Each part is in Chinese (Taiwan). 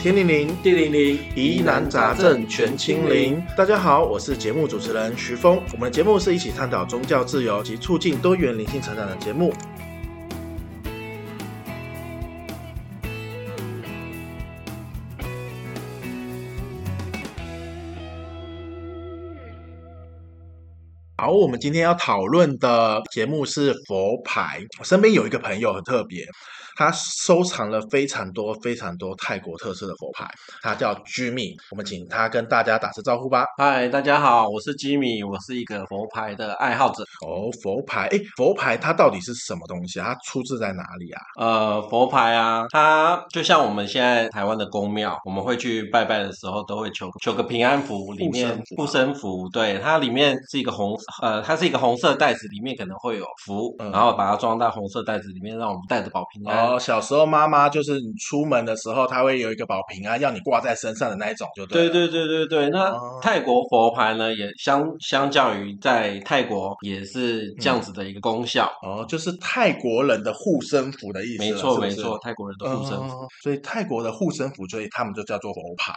天靈靈，地靈靈，疑難雜症全清零。大家好，我是節目主持人徐峰，我們的節目是一起探討宗教自由及促進多元靈性成長的節目。好，我們今天要討論的節目是佛牌。我身邊有一個朋友很特別，他收藏了非常多非常多泰國特色的佛牌。他叫吉米，我們請他跟大家打聲招呼吧。嗨，大家好，我是吉米，我是一個佛牌的愛好者。哦、oh，佛牌，哎、欸，佛牌它到底是什麼東西？啊？它出自在哪裡啊？呃，佛牌啊，它就像我們現在台灣的宮廟，我們會去拜拜的時候都會求求個平安符，裡面護身符，對，它裡面是一個紅。呃，它是一個紅色袋子，裡面可能會有符，然後把它裝到紅色袋子裡面，讓我們帶着保平安，嗯。哦，小時候媽媽就是你出門的時候，她會有一個寶瓶啊，要你掛在身上的那一種，就對。對對對對對，那泰國佛牌呢，也相相較於在泰國也是這樣子的一個功效。嗯嗯、哦，就是泰國人的護身符的意思。沒錯沒錯是是，泰國人的護身符、嗯，所以泰國的護身符，所以他們就叫做佛牌。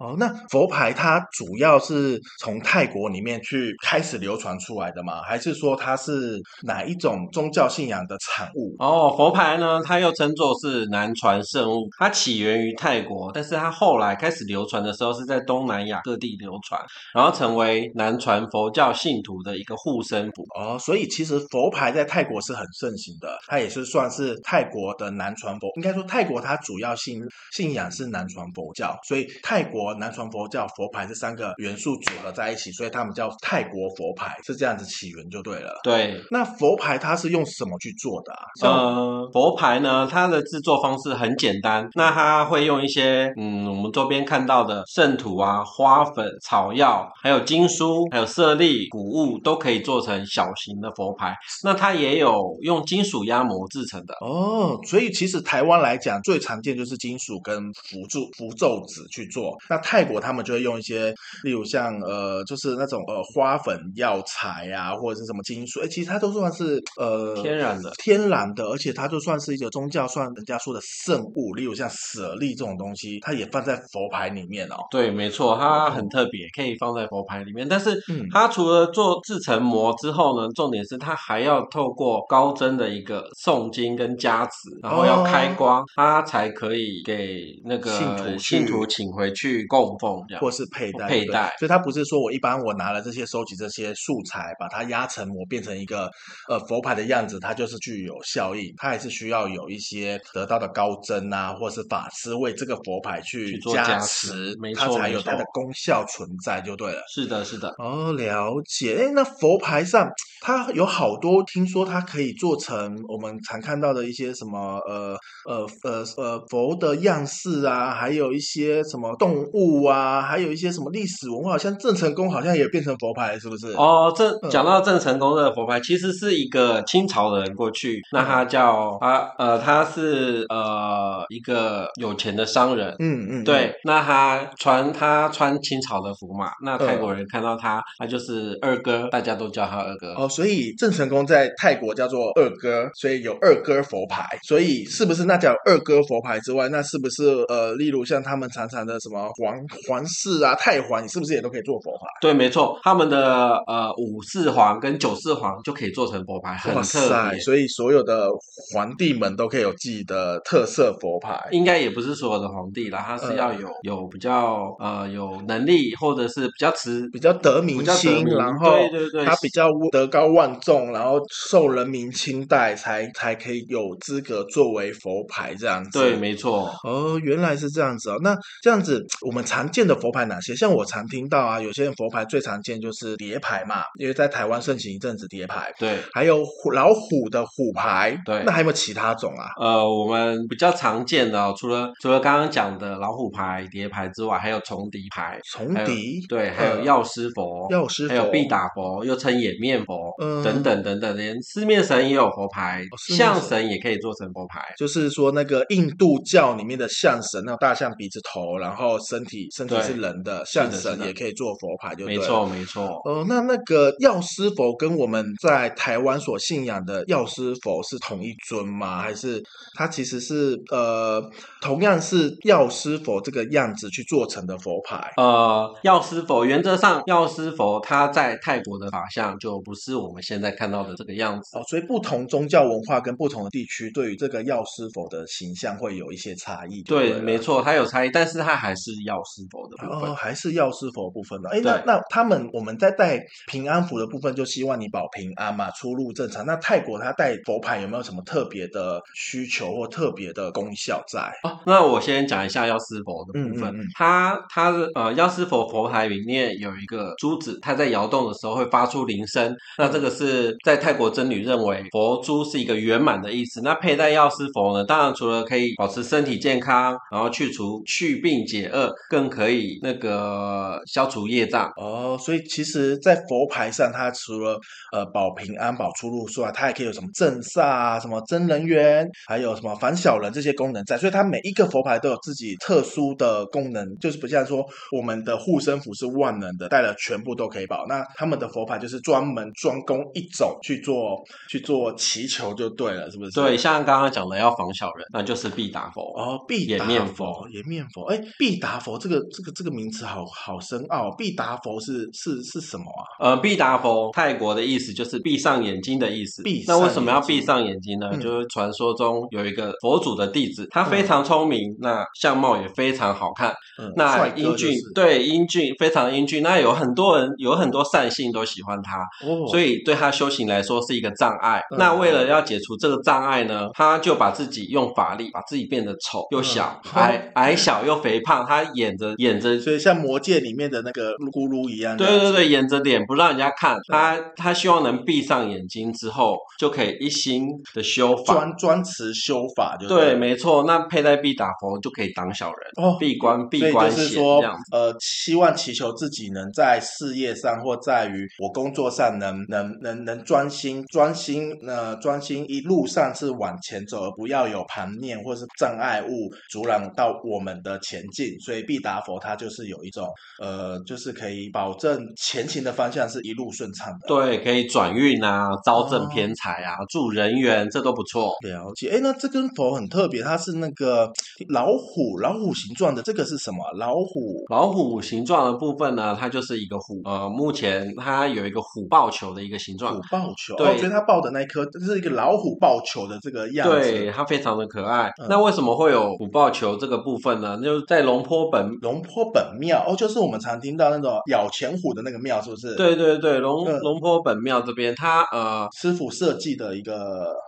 哦，那佛牌它主要是從泰國裡面去開始流傳出來的嗎？還是說它是哪一種宗教信仰的產物？哦，佛牌呢，它又稱作是南傳聖物，它起源於泰國，但是它後來開始流傳的時候是在東南亞各地流傳，然後成為南傳佛教信徒的一個護身符。哦，所以其實佛牌在泰國是很盛行的，它也是算是泰國的南傳佛。應該說泰國它主要信信仰是南傳佛教，所以泰國。南傳佛教佛牌這三個元素組合在一起，所以他們叫泰國佛牌是這樣子起源就對了。對，那佛牌它是用什麼去做的啊？嗯、呃，佛牌呢，它的製作方式很簡單。那它會用一些嗯，我們周邊看到的聖土啊、花粉、草藥，還有經書、還有舍利、穀物都可以做成小型的佛牌。那它也有用金屬壓模製成的。哦，所以其實台灣來講最常見就是金屬跟符咒、符咒紙去做泰國他們就會用一些，例如像呃，就是那種呃花粉藥材啊，或者是什麼金屬，欸，其實它都算是呃天然的，嗯，天然的，而且它就算是一個宗教，算人家說的聖物，例如像舍利這種東西，它也放在佛牌裡面哦。對，沒錯，它很特別，哦，可以放在佛牌裡面。但是它除了做製成膜之後呢，嗯、重點是它還要透過高僧的一個誦經跟加持，然後要開光，它，哦，才可以給那個信徒，呃，信徒請回去。供奉，或是佩戴。對，佩戴，所以它不是說我一般我拿了這些收集這些素材，把它壓成膜變成一個呃佛牌的樣子，它就是具有效應。它還是需要有一些得道的高僧啊，或是法師為這個佛牌去加持，加持它才有它的功效存在，就對了。是的，是的。哦，了解。哎，那佛牌上它有好多，聽說它可以做成我們常看到的一些什麼呃呃呃呃佛的樣式啊，還有一些什麼動物啊，還有一些什麼歷史文化，好像鄭成功好像也變成佛牌，是不是？哦，鄭，講到鄭成功的佛牌，其實是一個清朝的人過去，哦，那他叫啊呃他是呃一個有錢的商人，嗯嗯，對，嗯，那他穿他穿清朝的服嘛，那泰國人看到他，嗯，他就是二哥，大家都叫他二哥。哦。所以鄭成功在泰國叫做二哥，所以有二哥佛牌。所以是不是那叫二哥佛牌之外，那是不是呃，例如像他們常常的什麼皇皇室啊，泰皇，你是不是也都可以做佛牌？對，沒錯，他們的呃五世皇跟九世皇就可以做成佛牌，很帥。所以所有的皇帝們都可以有自己的特色佛牌。應該也不是所有的皇帝啦，他是要有、呃、有比較呃有能力，或者是比較持，比較得民心，然後對對對他比較德高。要萬眾，然後受人民青睞，才才可以有資格作為佛牌這樣子。對，沒錯。哦，原來是這樣子哦。那這樣子，我們常見的佛牌哪些？像我常聽到啊，有些人佛牌最常見就是蝶牌嘛，因為在台灣盛行一陣子蝶牌。對。還有虎老虎的虎牌。嗯。對。那還有沒有其他種啊？呃，我們比較常見的，哦，除了除了剛剛講的老虎牌、蝶牌之外，還有崇迪牌。崇迪，對，還有藥師佛，藥師佛，還有必打佛，又稱掩面佛。嗯、等等等等，連四面神也有佛牌，象、哦、四面神，象神也可以做成佛牌。就是說，那個印度教裡面的象神，那大象鼻子頭，然後身體身體是人的象神，也可以做佛牌，是是就沒錯沒錯。哦、呃，那那個藥師佛跟我們在台灣所信仰的藥師佛是同一尊嗎？還是他其實是呃同樣是藥師佛這個樣子去做成的佛牌？呃，藥師佛原則上藥師佛他在泰國的法相就不是，我們現在看到的這個樣子哦，所以不同宗教文化跟不同的地區，對於這個藥師佛的形象會有一些差異。對，沒錯，它有差異，但是它還是藥師佛的部分，哦、還是藥師佛部分嘛？哎，那那他們我們在戴平安符的部分，就希望你保平安嘛，出入正常。那泰國他戴佛牌有沒有什麼特別的需求或特別的功效在？哦，那我先講一下藥師佛的部分，它它的呃藥師佛佛牌裡面有一個珠子，它在搖動的時候會發出鈴聲。那這個是在泰國僧侶認為佛珠是一個圓滿的意思。那佩戴藥師佛呢？當然除了可以保持身體健康，然後去除祛病解厄，更可以那個消除業障哦。所以其實，在佛牌上，它除了呃保平安、保出入之外，它還可以有什麼鎮煞啊、什麼增人緣，還有什麼防小人這些功能在。所以它每一個佛牌都有自己特殊的功能，就是不像說我們的護身符是萬能的，帶了全部都可以保。那他們的佛牌就是專門專。雙弓一走去做去做祈求就對了，是不是？對，像剛剛講的要防小人，那就是必達佛哦，必，也念佛，也念佛。哎，必達佛這個這個這個名詞好好深奧。必達佛是是是什麼啊？呃，必達佛泰國的意思就是閉上眼睛的意思。那為什麼要閉上眼睛呢、嗯？就是傳說中有一個佛祖的弟子，他非常聰明，嗯、那相貌也非常好看，嗯、那英俊、就是、對英俊非常英俊。那有很多人有很多善信都喜歡他，所、哦、以。所以對他修行來說是一個障礙、嗯。那為了要解除這個障礙呢，他就把自己用法力把自己變得醜又小、嗯、矮矮小又肥胖。他掩着掩着，所以像魔戒裡面的那個咕嚕一樣。對，對對對，掩着臉不讓人家看他。他希望能閉上眼睛之後就可以一心的修法，專專持修法就對，對，沒錯。那佩戴必打佛就可以擋小人哦，閉關閉關。所以就是說，呃，希望祈求自己能在事業上或在於我工作上能。能能能專心專心那、呃、專心，一路上是往前走，而不要有盤面或是障礙物阻擋到我們的前進。所以必達佛它就是有一種呃，就是可以保證前行的方向是一路順暢的。對，可以轉運啊，招正偏財啊，啊，助人緣，這都不錯。了解。哎、欸，那這根佛很特別，它是那個老虎老虎形狀的。這個是什麼？老虎老虎形狀的部分呢？它就是一個虎呃，目前它有一個虎抱球的。一個形狀虎抱球，我覺得他抱的那顆就是一個老虎抱球的這個樣子，對，它非常的可愛、嗯。那為什麼會有虎抱球這個部分呢？就是在龍坡本龍坡本廟，哦，就是我們常聽到那種咬錢虎的那個廟，是不是？對對對，龍、嗯、龍坡本廟這邊，他呃師傅設計的一個，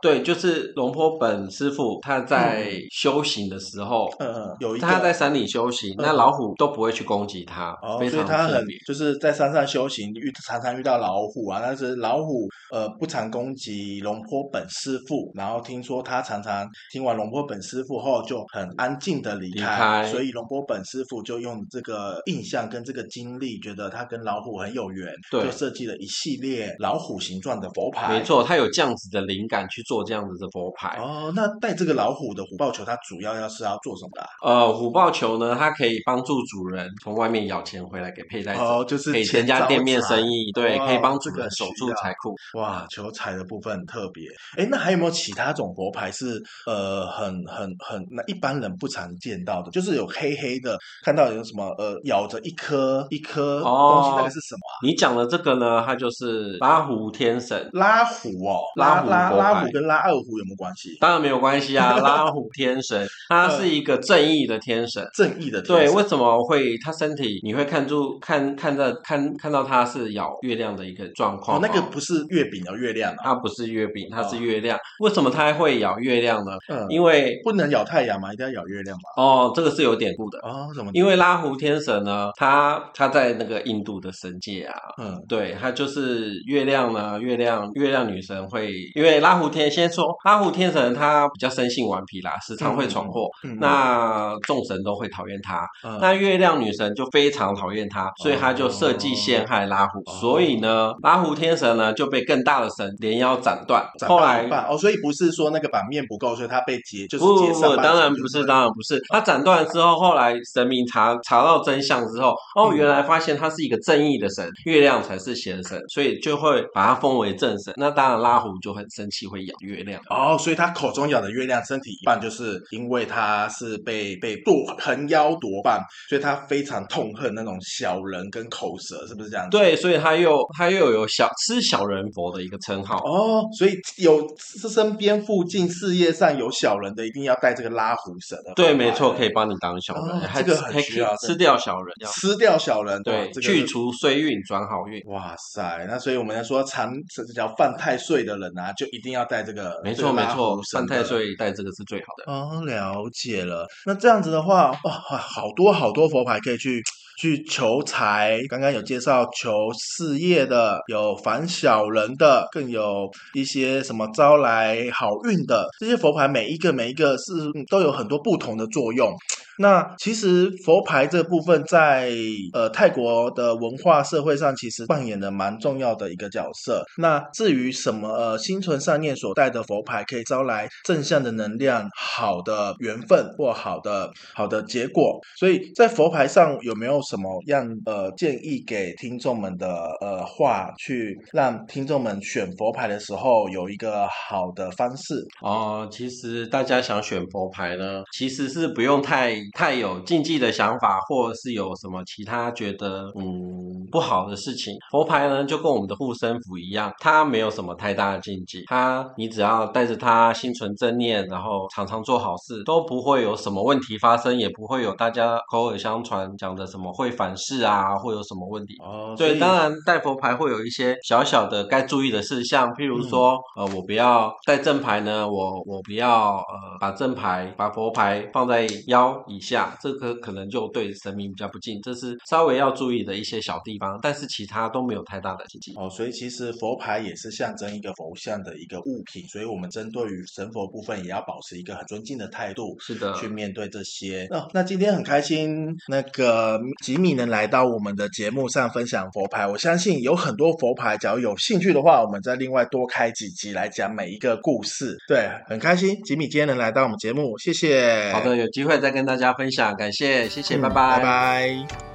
對，就是龍坡本師傅他在修、嗯、行的時候，嗯嗯、有一他在山裡修行、嗯，那老虎都不會去攻擊他、哦，所以他很，就是在山上修行遇常常遇到老虎啊，但、就是。老虎呃不常攻擊龍波本師傅，然後聽說他常常聽完龍波本師傅後就很安靜的離開，開，所以龍波本師傅就用這個印象跟這個經歷，覺得他跟老虎很有緣，對，就設計了一系列老虎形狀的佛牌。沒錯，他有這樣子的靈感去做這樣子的佛牌。哦，那帶這個老虎的虎豹球，它主要要是要做什麼的啊？呃，虎豹球呢，它可以幫助主人從外面咬錢回來給佩戴者。哦，就是可以增加店面生意，哦，對，可以幫助個、哦、手。住財庫。哇！嗯、求財的部分很特別。哎、欸，那還有沒有其他種佛牌，是呃很很很那一般人不常見到的？就是有黑黑的，看到有什麼呃咬着一顆一顆東西，哦、那個是什麼？你講的這個呢？它就是拉胡天神。拉胡哦，拉胡佛牌，拉，拉，拉胡跟拉二胡有沒有關係？當然沒有關係啊！ 拉胡天神，他是一個正義的天神，正義的天神，對。為什麼會他身體你會看出看看到看看到他是咬月亮的一個狀況？嗯那個不是月餅哦，月亮啊，它不是月餅，它是月亮。哦、為什麼它還會咬月亮呢？嗯，因為不能咬太陽嘛，一定要咬月亮嘛。哦，這個是有典故的哦。怎麼？因為拉胡天神呢，他他在那個印度的神界啊，嗯，對，他就是月亮呢，月亮月亮女神會因為拉胡天先說，拉胡天神他比較生性頑皮啦，時常會闖禍，嗯、那、嗯、眾神都會討厭他、嗯，那月亮女神就非常討厭他，嗯、所以他就設計陷害拉胡，哦、所以呢，拉胡天神呢就被更大的神連腰斬斷半半。後來哦，所以不是說那個版面不夠，所以他被劫，就是劫色。當然不是，當然不是。他斬斷之後，後來神明查查到真相之後，哦，原來發現他是一個正義的神，月亮才是邪神，所以就會把他封為正神。那當然，拉胡就很生氣，會咬月亮哦，所以他口中咬的月亮，身體一半就是因為他是被被剁橫腰剁半，所以他非常痛恨那種小人跟口舌，是不是這樣子？對，所以他又他又有小。吃小人佛的一個稱號哦，所以有身邊附近事業上有小人的，一定要帶這個拉胡神的。對，沒錯，可以幫你擋小人、哦還，這個很需要還可以吃掉小人，吃掉小人，對、這個，去除衰運，轉好運。哇塞，那所以我們來說常叫犯太歲的人啊，就一定要帶這個，沒錯、這個、沒錯，犯太歲帶這個是最好的。哦，了解了。那這樣子的話，哇、哦，好多好多佛牌可以去。去求財，剛剛有介紹求事業的，有防小人的，更有一些什麼招來好運的，這些佛牌每一個每一個是、嗯、都有很多不同的作用。那其實佛牌這部分在呃泰國的文化社會上，其實扮演的蠻重要的一個角色。那至於什麼呃心存善念所戴的佛牌可以招來正向的能量，好的緣分或好的好的結果，所以在佛牌上有沒有什麼樣呃建議給聽眾們的呃話，去讓聽眾們選佛牌的時候有一個好的方式？哦，呃，其實大家想選佛牌呢，其實是不用太。太有禁忌的想法，或者是有什麼其他覺得嗯不好的事情，佛牌呢就跟我們的護身符一樣，它沒有什麼太大的禁忌，它你只要帶着它心存正念，然後常常做好事，都不會有什麼問題發生，也不會有大家口耳相傳講的什麼會反噬啊，會有什麼問題。哦、呃，所以，對，當然帶佛牌會有一些小小的該注意的事項，譬如說、嗯，呃，我不要帶正牌呢，我我不要呃把正牌把佛牌放在腰。以下這個可能就對神明比較不敬，這是稍微要注意的一些小地方，但是其他都沒有太大的禁忌哦。所以其實佛牌也是象徵一個佛像的一個物品，所以我們針對於神佛部分也要保持一個很尊敬的態度。是的，去面對這些。哦，那今天很開心，那個吉米能來到我們的節目上分享佛牌。我相信有很多佛牌，假如有興趣的話，我們再另外多開幾集來講每一個故事。對，很開心，吉米今天能來到我們節目，謝謝。好的，有機會再跟大家分享，感謝謝謝，拜，嗯，拜拜拜。拜拜。